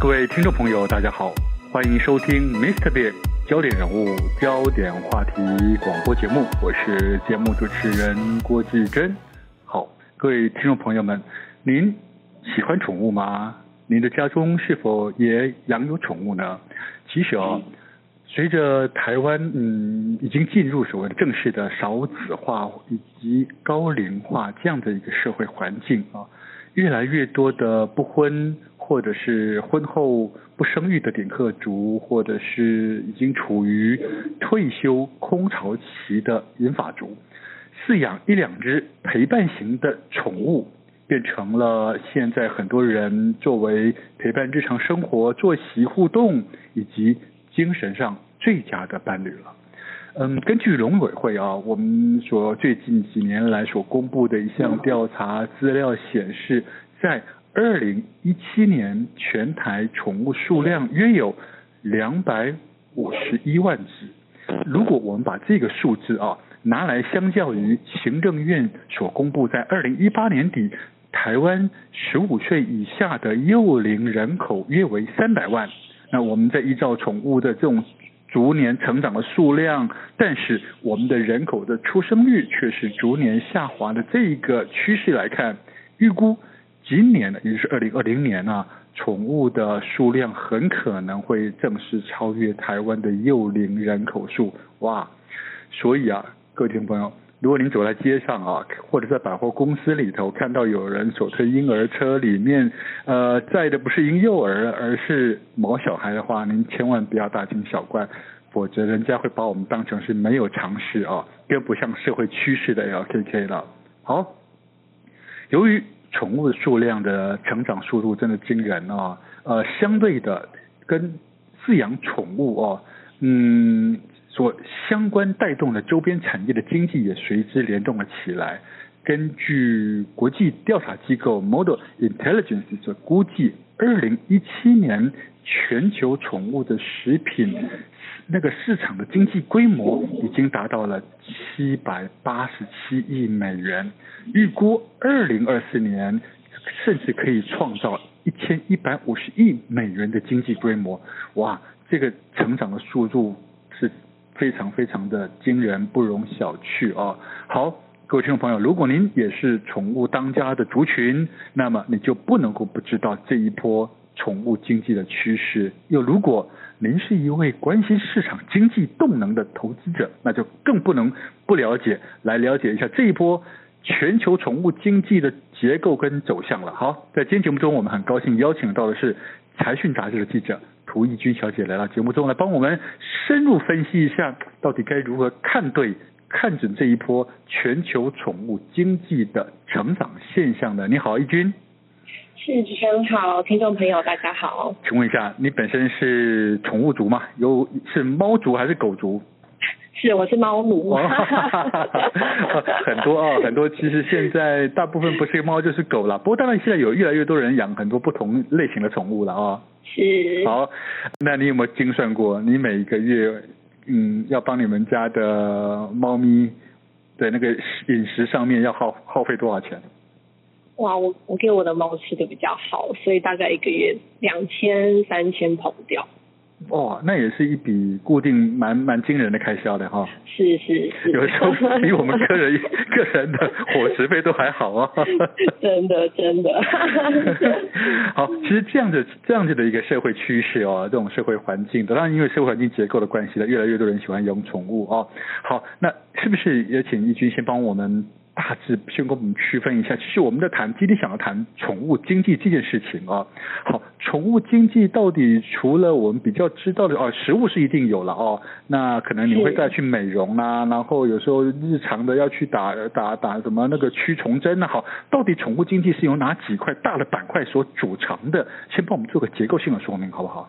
各位聽眾朋友，大家好，歡迎收聽《Mr.Big 焦點人物焦點話題》廣播節目，我是節目主持人郭至楨。好，各位聽眾朋友們，您喜歡寵物嗎？您的家中是否也養有寵物呢？其實啊，隨着台灣嗯已經進入所謂的正式的少子化以及高齡化這樣的一個社會環境啊，越來越多的不婚，或者是婚後不生育的頂客族，或者是已經處於退休空巢期的銀髮族，飼養一兩隻陪伴型的寵物，變成了現在很多人作為陪伴日常生活、作息互動以及精神上最佳的伴侶了。嗯，根據農委會啊，我們所最近幾年來所公布的一項調查資料顯示，在二零一七年全台寵物數量約有兩百五十一萬只。如果我們把這個數字啊拿來相較於行政院所公布在二零一八年底台灣十五歲以下的幼齡人口約為三百萬，那我們在依照寵物的這種逐年成長的數量，但是我們的人口的出生率卻是逐年下滑的這一個趨勢來看，預估。今年呢，也就是二零二零年呢、啊，寵物的數量很可能會正式超越台灣的幼齡人口數。哇！所以啊，各位聽眾朋友，如果您走在街上啊，或者在百貨公司裡頭看到有人手推嬰兒車裡面，呃，載的不是嬰幼兒，而是毛小孩的話，您千萬不要大驚小怪，否則人家會把我們當成是沒有常識啊，更不像社會趨勢的 LKK 了。好，由於。寵物數量的成長速度真的驚人啊！呃，相對的，跟飼養寵物哦、啊，嗯，所相關帶動的周邊產業的經濟也隨之聯動了起來。根據國際調查機構 Model Intelligence 這估計，二零一七年全球寵物的食品那個市場的經濟規模已經達到了七百八十七億美元，預估二零二四年甚至可以創造一千一百五十億美元的經濟規模。哇，這個成長的速度是非常非常的驚人，不容小覷啊！好。各位聽眾朋友，如果您也是寵物當家的族群，那麼你就不能夠不知道這一波寵物經濟的趨勢；又如果您是一位關心市場經濟動能的投資者，那就更不能不了解，來了解一下這一波全球寵物經濟的結構跟走向了。好，在今天節目中，我們很高興邀請到的是財訊雜誌的記者涂憶君小姐來到節目中來幫我們深入分析一下，到底該如何看對。看準這一波全球寵物經濟的成長現象的。你好，憶君。是，主持人好，聽眾朋友大家好。請問一下，你本身是寵物族嗎？有，是貓族還是狗族？是，我是貓奴。 很多啊、哦，很多，其實現在大部分不是貓就是狗了。不過當然現在有越來越多人養很多不同類型的寵物了啊、哦。是。好，那你有沒有精算過你每一個月？嗯，要幫你們家的貓咪，在那個飲食上面要耗耗費多少錢？哇，我我給我的貓吃得比較好，所以大概一個月兩千、三千跑不掉。哇、哦，那也是一筆固定蠻蠻，蠻驚人的開銷的哈、哦，是是，是，有時候比我們個人 個人的伙食費都還好啊、哦 ，真的真的。 好，其實這樣子這樣子的一個社會趨勢哦，這種社會環境的，當然因為社會環境結構的關係呢，越來越多人喜歡養寵物哦。好，那是不是也請憶君先幫我們？大致先跟我們區分一下，其實我們在談今天想要談寵物經濟這件事情啊、哦。好，寵物經濟到底除了我們比較知道的哦，食物是一定有了哦，那可能你會帶去美容啊，然後有時候日常的要去打打打什麼那個驅蟲針呢、啊。好，到底寵物經濟是由哪幾塊大的板塊所組成的？先幫我們做個結構性的說明，好不好？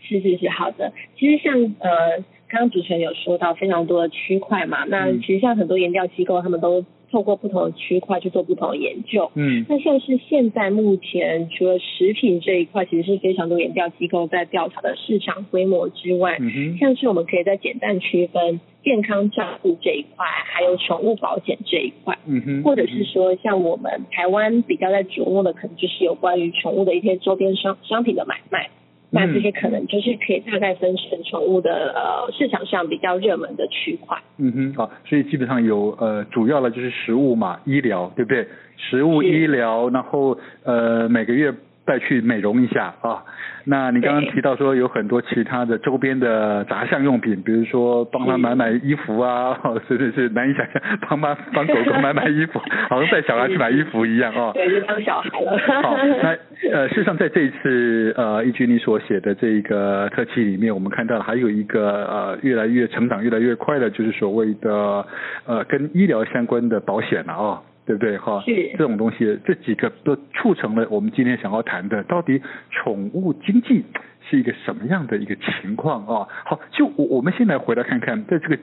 是是是，好的。其實像呃。剛主持人有說到非常多的區塊嘛，那其實像很多研調機構、嗯，他們都透過不同的區塊去做不同的研究。嗯，那像是現在目前除了食品這一塊，其實是非常多研調機構在調查的市場規模之外，嗯哼，像是我們可以再簡單區分健康照顧這一塊，還有寵物保險這一塊，嗯哼，或者是說、嗯、像我們台灣比較在矚目的，可能就是有關於寵物的一些周邊商商品的買賣。那這些可能就是可以大概分成寵物的呃市場上比較熱門的區塊。嗯哼，好、啊，所以基本上有呃主要的就是食物嘛，醫療，對不對？食物、醫療，然後呃每個月。再去美容一下啊，哦。那你剛剛提到說有很多其他的周邊的雜項用品，比如說幫他買買衣服啊，是是是，難以想象幫媽幫狗狗買買衣服， 好像帶小孩去買衣服一樣哦。對，就當小孩了。好， 那呃，事實上在這一次呃，憶君你所寫的這個特輯裡面，我們看到還有一個呃，越來越成長越來越快的就是所謂的呃，跟醫療相關的保險了啊，哦。對不對哈？是這種東西，這幾個都促成了我們今天想要談的，到底寵物經濟是一個什麼樣的一個情況啊？好，就我我們先來回來看看，在這個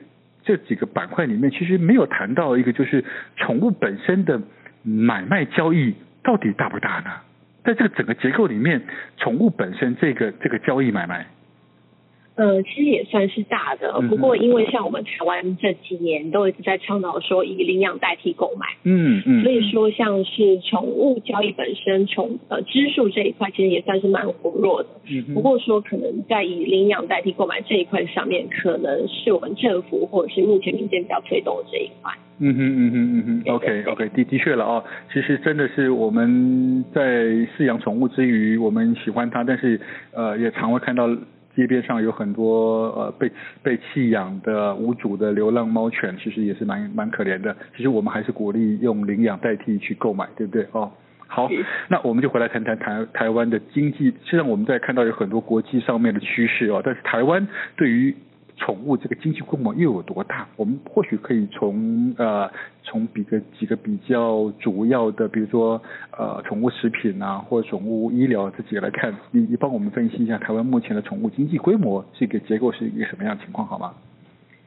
這幾個板塊裡面，其實沒有談到一個就是寵物本身的買賣交易到底大不大呢？在這個整個結構裡面，寵物本身這個這個交易買賣。呃，其實也算是大的，不過因為像我們台灣這幾年都一直在倡導說以領養代替購買，嗯嗯，所以說像是寵物交易本身，寵呃支數這一塊其實也算是蠻薄弱的，嗯，不過說可能在以領養代替購買這一塊上面，可能是我們政府或者是目前民間比較推動的這一塊，嗯哼嗯哼嗯哼，嗯，OK OK 的的確了啊，哦，其實真的是我們在飼養寵物之餘，我們喜歡它，但是呃也常會看到。街邊上有很多呃被被棄養的無主的流浪貓犬，其實也是蠻蠻可憐的。其實我們還是鼓勵用領養代替去購買，對不對？哦，好，嗯，那我們就回來談談台台灣的經濟。雖然我們在看到有很多國際上面的趨勢哦，但是台灣對於。寵物這個經濟規模又有多大？我們或許可以從呃從比個幾個比較主要的，比如說呃寵物食品啊，或者寵物醫療這幾個來看，你你幫我們分析一下台灣目前的寵物經濟規模這個結構是一個什麼樣情況好嗎？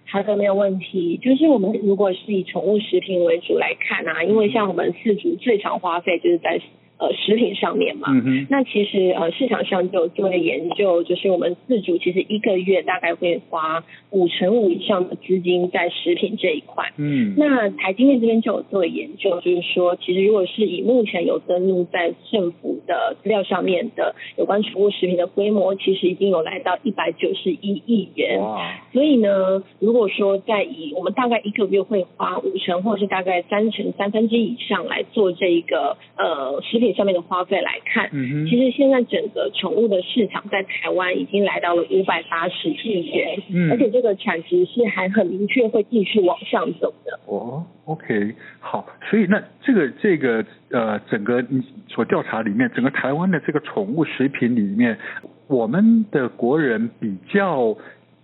好的，沒有問題。就是我們如果是以寵物食品為主來看啊，因為像我們飼主最常花費就是在。呃，食品上面嘛，嗯哼，那其實呃市場上就有做研究，就是我們自主其實一個月大概會花五成五以上的資金在食品這一塊。嗯，那台經電這邊就有做研究，就是說其實如果是以目前有登錄在政府的資料上面的有關寵物食品的規模，其實已經有來到一百九十一億元。所以呢，如果說在以我們大概一個月會花五成或是大概三成三分之一以上來做這一個呃食品，上面的花費來看，嗯，其實現在整個寵物的市場在台灣已經來到了五百八十億元，嗯，而且這個產值是還很明確會繼續往上走的。哦，OK，好，所以那這個這個呃，整個你所調查裡面，整個台灣的這個寵物食品裡面，我們的國人比較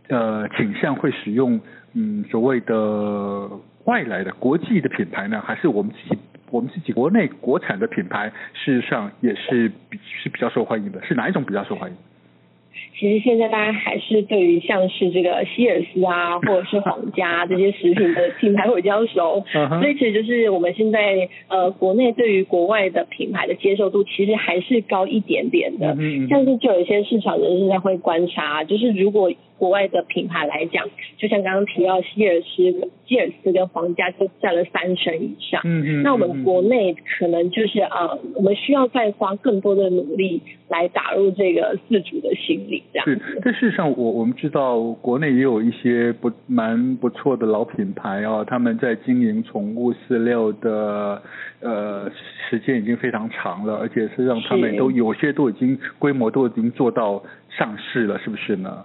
呃傾向會使用嗯，所謂的外來的國際的品牌呢，還是我們自己？我們自己國內國產的品牌，事實上也是比是比較受歡迎的。是哪一種比較受歡迎？其實現在大家還是對於像是這個希爾斯啊，或者是皇家這些食品的品牌會比較熟。 所以其實就是我們現在呃，國內對於國外的品牌的接受度其實還是高一點點的。嗯。像是就有一些市場人士在會觀察，就是如果。國外的品牌來講，就像剛剛提到，希爾斯、希爾斯跟皇家就佔了三成以上。嗯嗯。那我們國內可能就是、嗯、呃，我們需要再花更多的努力來打入這個自主的心裡，這樣。是，但事實上我，我我們知道，國內也有一些不蠻不錯的老品牌啊，他們在經營寵物飼料的呃時間已經非常長了，而且事實上他們都有些都已經規模都已經做到上市了，是不是呢？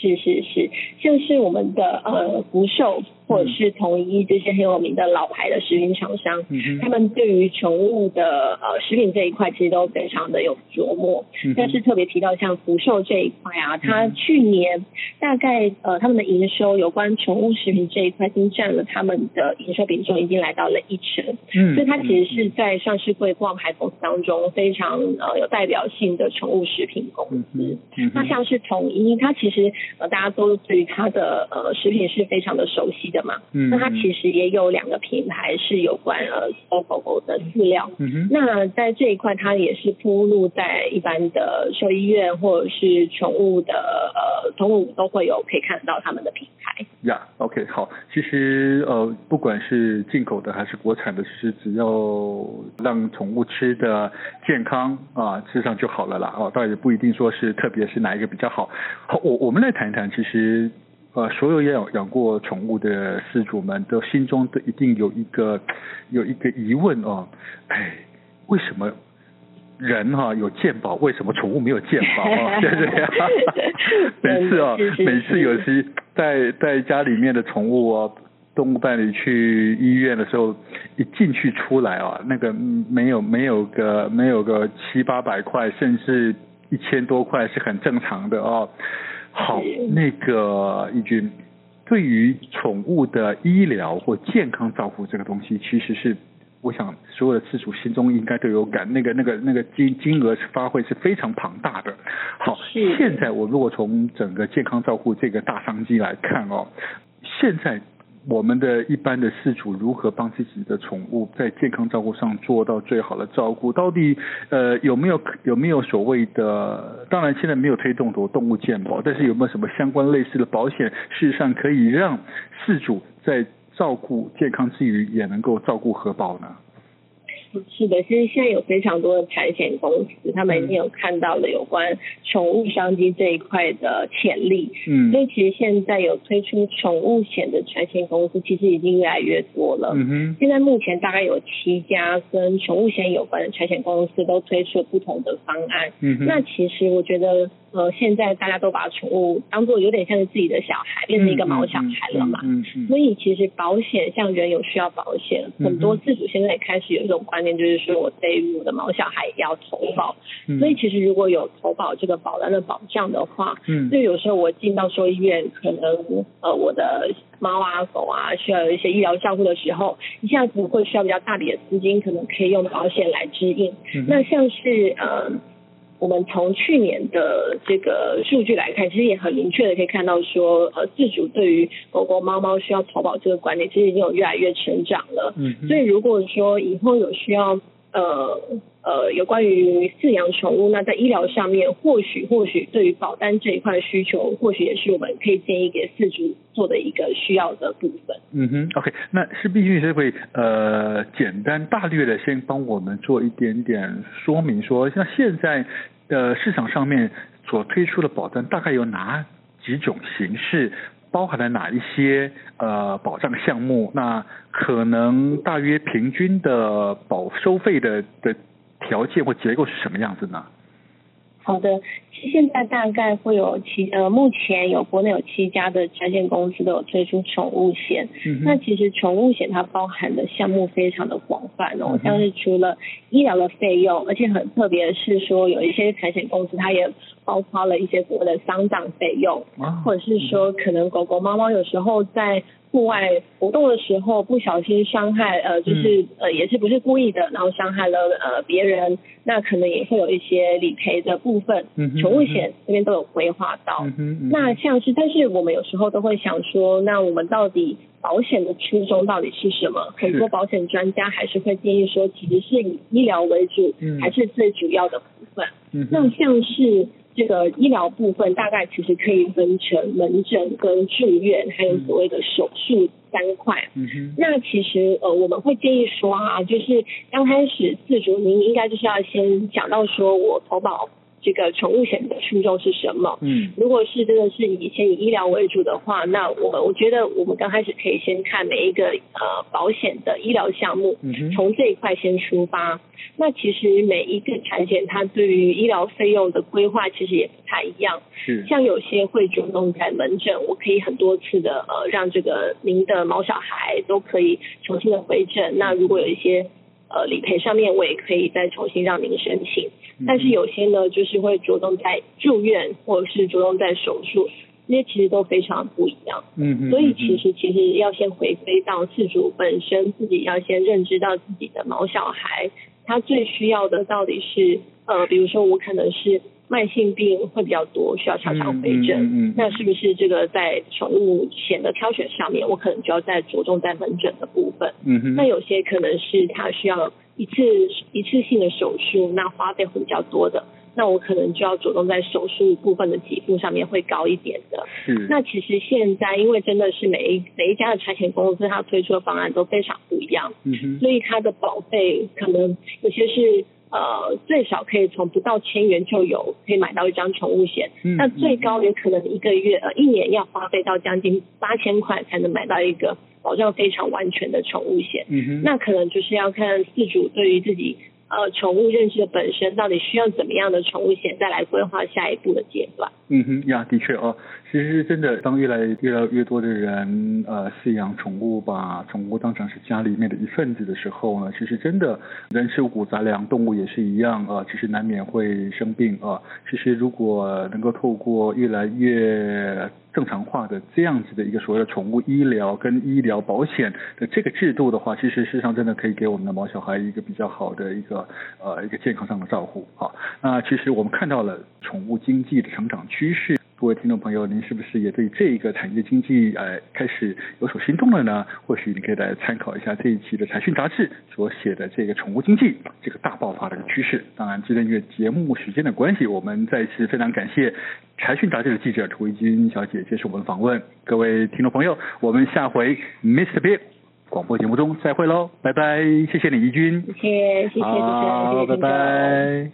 是是是，就是我們的呃福壽，或者是統一這些很有名的老牌的食品廠商，嗯、他們對於寵物的呃食品這一塊其實都非常的有琢磨。嗯、但是特別提到像福壽這一塊啊，他去年大概呃他們的營收有關寵物食品這一塊，已經佔了他們的營收比重，已經來到了一成。嗯、所以他其實是在上市櫃掛牌公司當中非常呃有代表性的寵物食品公司。那、嗯嗯、像是統一，它其實呃大家都對於它的呃食品是非常的熟悉的。嗯。那它其實也有兩個品牌是有關呃狗狗的飼料，嗯哼，那在這一塊它也是鋪路在一般的獸醫院或者是寵物的呃寵物店都會有可以看到他們的品牌。y、yeah, OK，好，其實呃不管是進口的還是國產的，其實只要讓寵物吃的健康啊吃、呃、上就好了啦啊，倒、哦、也不一定說是特別是哪一個比較好。好，我我們來談一談，其實。呃，所有養養過寵物的飼主們都心中都一定有一個有一個疑問哦，哎，為什麼人哈、啊、有健保，為什麼寵物沒有健保啊？對不對，每次啊、哦， 每次有時帶帶家裡面的寵物哦，動物伴侶去醫院的時候，一進去出來啊、哦，那個沒有沒有個沒有個七八百塊，甚至一千多塊是很正常的哦。好，那個憶君，對於寵物的醫療或健康照顧這個東西，其實是我想所有的飼主心中應該都有感，那個那個那個金金額是發揮是非常龐大的。好，現在我如果從整個健康照顧這個大商機來看哦，現在。我們的一般的飼主如何幫自己的寵物在健康照顧上做到最好的照顧？到底呃有沒有有沒有所謂的？當然現在沒有推動動物健保，但是有沒有什麼相關類似的保險？事實上可以讓飼主在照顧健康之餘，也能夠照顧荷包呢？是的，其實現在有非常多的產險公司，他們已經有看到了有關寵物商機這一塊的潛力。嗯，所以其實現在有推出寵物險的產險公司，其實已經越來越多了。嗯，現在目前大概有七家跟寵物險有關的產險公司都推出了不同的方案。嗯，那其實我覺得。呃，現在大家都把寵物當做有點像是自己的小孩，變成一個毛小孩了嘛。嗯。所以其實保險，像人有需要保險，很多飼主現在也開始有一種觀念，就是說我對於我的毛小孩也要投保。嗯。所以其實如果有投保這個保單的保障的話，嗯，因有時候我進到獸醫院，可能呃我的貓啊狗啊需要有一些醫療照顧的時候，一下子會需要比較大筆的資金，可能可以用保險來支應。嗯，嗯。那像是呃。我們從去年的這個數據來看，其實也很明確的可以看到，說呃，自主對於狗狗、貓貓需要投保這個觀念，其實已經有越來越成長了。嗯，所以如果說以後有需要。呃呃，有關於飼養寵物，那在醫療上面，或許或許對於保單這一塊需求，或許也是我們可以建議給飼主做的一個需要的部分。嗯哼，OK，那是必須是會呃，簡單大略的先幫我們做一點點說明說，說像現在的市場上面所推出的保單，大概有哪幾種形式？包含了哪一些呃保障項目？那可能大約平均的保收費的的條件或結構是什麼樣子呢？好的，現在大概會有七呃，目前有國內有七家的產險公司都有推出寵物險。嗯。那其實寵物險它包含的項目非常的廣泛哦，像是除了醫療的費用，而且很特別的是說有一些產險公司它也。包括了一些所謂的喪葬費用，或者是說，可能狗狗、貓貓有時候在戶外活動的時候不小心傷害，呃，就是、嗯、呃，也是不是故意的，然後傷害了呃別人，那可能也會有一些理賠的部分。寵物險這邊都有規劃到、嗯嗯嗯嗯嗯。那像是，但是我們有時候都會想說，那我們到底。保險的初衷到底是什麼？很多保險專家還是會建議說，其實是以醫療為主、嗯，還是最主要的部分。嗯、那像是這個醫療部分，大概其實可以分成門診、跟住院，還有所謂的手術三塊。那其實呃，我們會建議說啊，就是剛開始自主，您應該就是要先講到說我投保。這個寵物險的受眾是什麼？嗯，如果是真的是以前以醫療為主的話，那我我覺得我們剛開始可以先看每一個呃保險的醫療項目，從這一塊先出發。那其實每一個產險它對於醫療費用的規劃其實也不太一樣。是，像有些會主動在門診，我可以很多次的呃讓這個您的毛小孩都可以重新的回診。那如果有一些呃，理賠上面我也可以再重新讓您申請，但是有些呢，就是會著重在住院或者是著重在手術，這些其實都非常不一樣。嗯嗯，所以其實其實要先回歸到飼主本身，自己要先認知到自己的毛小孩，他最需要的到底是呃，比如說我可能是。慢性病會比較多，需要常常回診。嗯,嗯,嗯那是不是這個在寵物險的挑選上面，我可能就要再着重在門診的部分？嗯那有些可能是他需要一次一次性的手術，那花費會比較多的。那我可能就要着重在手術部分的給付上面會高一點的。嗯那其實現在因為真的是每一每一家的產險公司，它推出的方案都非常不一樣。嗯所以它的保費可能有些是。呃，最少可以從不到千元就有可以買到一張寵物險，那、嗯、最高也可能一個月呃一年要花費到將近八千塊才能買到一個保障非常完全的寵物險，嗯哼，那可能就是要看飼主對於自己。呃，寵物認知的本身到底需要怎麼樣的寵物險，再來規劃下一步的階段？嗯哼呀，的確啊、呃，其實真的，當越來越來越多的人呃，飼養寵物，把寵物當成是家裡面的一份子的時候呢，其實真的，人吃五穀雜糧，動物也是一樣啊、呃，其實難免會生病啊、呃。其實如果能夠透過越來越正常化的這樣子的一個所謂的寵物醫療跟醫療保險的這個制度的話，其實事實上真的可以給我們的毛小孩一個比較好的一個呃一個健康上的照顧。好，那其實我們看到了寵物經濟的成長趨勢。各位聽眾朋友，您是不是也對這一個產業經濟呃開始有所心動了呢？或許你可以來參考一下這一期的《財訊雜誌》所寫的這個寵物經濟這個大爆發的趨勢。當然，今天因為節目時間的關係，我們再一次非常感謝《財訊雜誌》的記者涂憶君小姐，接受我們訪問。各位聽眾朋友，我們下回《Mr. Big》廣播節目中再會嘍，拜拜，謝謝你憶君，謝謝謝謝謝謝，好，拜拜。謝謝。